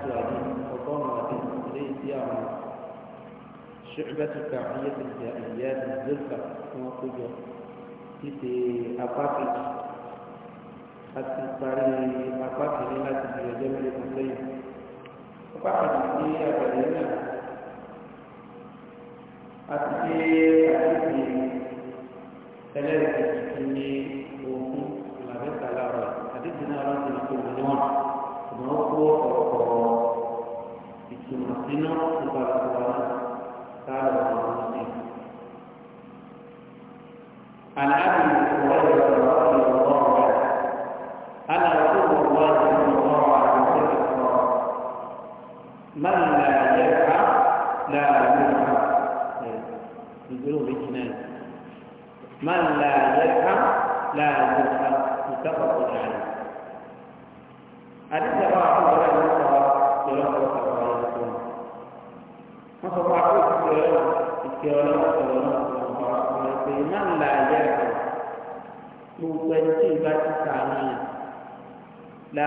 àti àbí ọgọ́rùn-ún àti ilé ìdí àwọn ṣùgbẹ́tù kan ayé ti di àyè àti zilka tí wọ́n kó jọ títí apá kejì àti parí apá kejì láti di ọjọ́ mẹ́rin kan lẹ́yìn. apá kejì sí àgbàdo náà àti pé àti ẹlẹ́rìí kejì ti ní ogún làbẹ́ta lára àdéhùn náà lọ́sẹ̀ ìpínlẹ̀ wọn. نوكو وقوة إتما سنة وقوة قال المسلم عن أبي هريرة رضي الله عنه أن رسول الله صلى الله عليه وسلم قال من لا يرحم لا يرحم يقولون بجنان من لا يرحم لا يرحم متفق عليه àdìsí àwọn àkókò rẹ̀ ló sọ ìṣòro ọ̀pọ̀ ọ̀pọ̀ gbogbo ẹni tí ìbá ti sàánú yẹn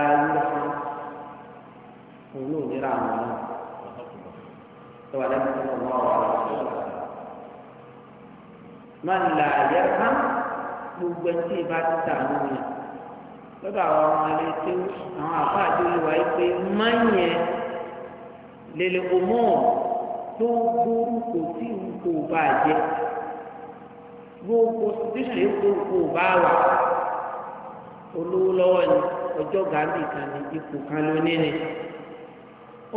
yẹn lọ́dọ̀ àwọn ọmọ ilé tí àwọn àbá àdúgbò wa yìí pé máa ń yẹn lèlè òmò tó gbóòrú kò sí nǹkó bá jẹ gbogbo situation yìí kó nǹkó bá wà olówó lọ́wọ́ ni ọjọ́ gàmí kan ní ipò kan lónìí ni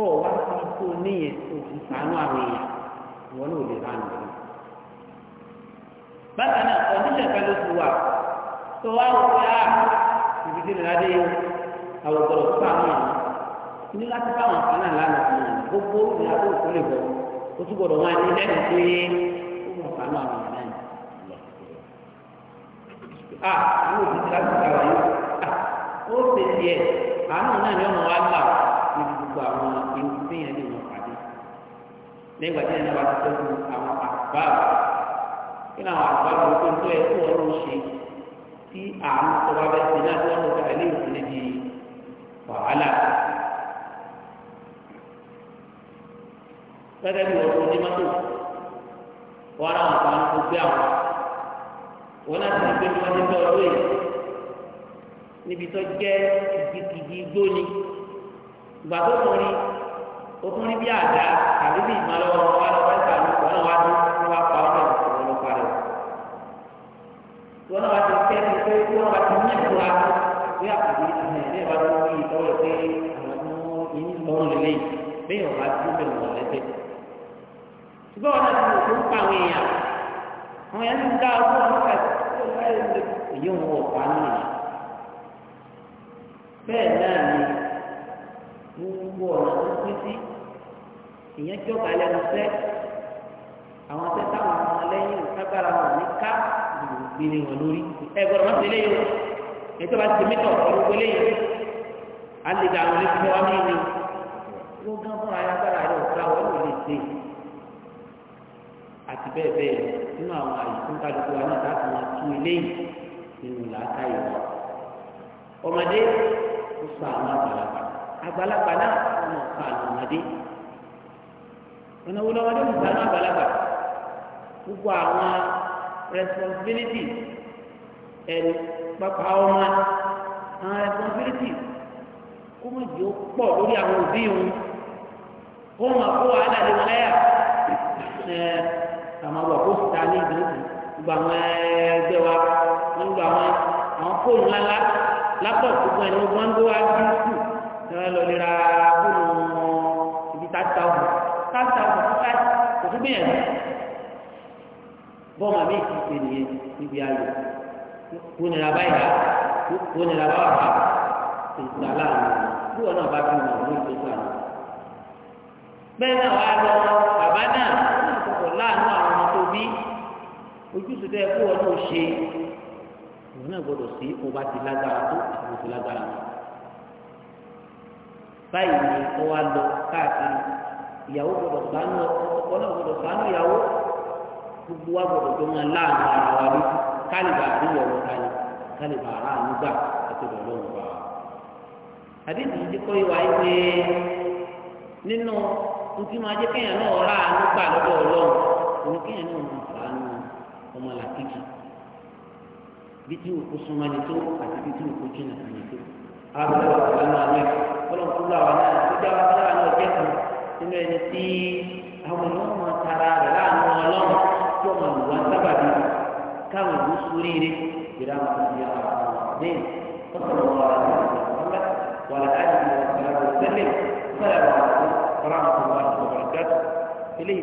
ọ wá sí ipò níyẹn òfin sànú àwọn èèyàn ìwọ ò lè bá nù. bákan náà condition kan ló ti wà tó wá wọ pé a. Ah, ibi tí nira dé àwọn ọ̀gọ̀rọ̀ tó bá wọn ní láti bá wọn kan náà lánàá fún wọn gbogbo ìrìn àbó òkú lè bọ̀ ó tún gbọdọ̀ wọn ní lẹ́nu pé ó mọ̀ fún àwọn àwọn náà a àwọn òbí láti ta wáyé ó ṣe tiẹ̀ àánú náà ni ọmọ wa là ní gbogbo àwọn ewu tí yẹn lè wọn pàdé lẹ́gbàá tí yẹn bá ti tọ́jú àwọn àgbà kí ni àwọn àgbà tó tó ẹ gẹ́gẹ́ bí wọ́n tó ní mọ́tò wọ́n ara wọn kan kó gbé àwọn wọn láti rí pé wọ́n ti tọ́ ọdún yìí níbi tó jẹ́ kìdìkìdì igbó ni ìgbà tó kàn rí ó tún rí bí àdá tàbí bí ìmọ̀lọ́wọ́ wọn wá lọ́wọ́ ìta ló wọn náà wá dé wọn wá pa ọ́nà ìwọ̀n ló parẹ́ wọn náà wá ti kẹ́ ẹni pé wọn wá ti ní ìfura pé àkàbí ìtàn ẹ̀ bá tó wí ìtọ́wọ̀ pé àwọn ọmọ yìí lọ́rùn lélẹ́yìn bẹ́ẹ̀ ọ̀gá tó bẹ̀rù wọn lẹ́sẹ̀ ṣùgbọ́n ọ̀nà tí mo ń pa àwọn èèyàn àwọn èèyàn ti ń dá ọgbọ́n nípa ìṣòro láyé ní èyí òun wọ̀ pa nínú rẹ̀ bẹ́ẹ̀ náà ni gbogbo ọ̀nà tó pín sí èèyàn tí ó kà lẹ́nu sẹ́ àwọn sẹ́ táwọn ọmọ lẹ́yìn ìkágbára wọn ní ká gbìnrin wọn lórí ẹ gbọ́dọ̀ má ṣe léyìn o ètò bá ti mítọ̀ ọ̀rọ̀ léyìn alẹ́ àti bẹ́ẹ̀ bẹ́ẹ̀ nínú àwọn àyè tó ń kálukú wa náà láti máa tún eléyìí nínú làákà ìwà ọmọdé ó sọ àwọn àgbàlagbà àgbàlagbà náà wọn sọ àwọn ọmọdé ọ̀nà wo lọ́wọ́dé ń sọ àwọn àgbàlagbà gbogbo àwọn responsibility ẹni pápá ọmọ àwọn responsibility kó mọ̀ jù ó pọ̀ lórí àwọn òbí òun kó mọ̀ kó wàhálà lè wọlé yà ẹ̀ àmàlù àkóso ta ní ìlú gbogbo àwọn ẹgbẹ́ wa gbogbo àwọn àwọn fóònù ńláńlá lápọ̀ gbogbo ẹni wọn ń wá sí sùn ní wọn lọ lera fóònù ibi táta ọ̀hún táta ọ̀hún fúnka kò tún gbìyànjú bọ́ọ̀mù àbí ìkíkè nìyẹn níbi ayò kó nira báyìí kó nira báwà bá ìgbà láàrin bí wọn náà bá bí wọn ní ìgbésà náà bẹ́ẹ̀ náà wà lọ bàbá náà pọ̀ láàánú àwọn ọmọ tó bí ojúṣe tẹ kó wọn tó ṣe òun náà gbọdọ̀ sí kó bá ti lágbára tó àti kó lágbára tó báyìí ni ó wá lọ káàkiri ìyàwó gbọdọ̀ sànú ọkọ náà gbọdọ̀ sànú ìyàwó gbogbo wa gbọdọ̀ tó máa láàánú ara wa lójú kálíbà àdúyọ̀ wọn ta ni kálíbà àánú gbà àti ìdọ̀lọ́ wọn bá àdéhùn ti kọ́ ìwà yìí nínú ntí máa jẹ́ kéèyàn náà rà á nígbà lọ́dọ̀ ọlọ́run òun kéèyàn náà máa sàánú ọmọ làkejì bí tí òkú súnmọ́ ni tó àti bí tí òkú jìnnà ni tó àbúrò àgbà náà ní ọlọ́run tó láwa náà tó já wa náà náà jẹ́ kan nínú ẹni tí àwọn ènìyàn máa tara rẹ̀ láàánú ọlọ́run tí ọmọ ìwà sábàbí káwọn ìlú sóríire ìdáhùn ìyá àbúrò وصلى الله على محمد وعلى اله وصحبه وسلم سلام عليكم ورحمة الله وبركاته إليه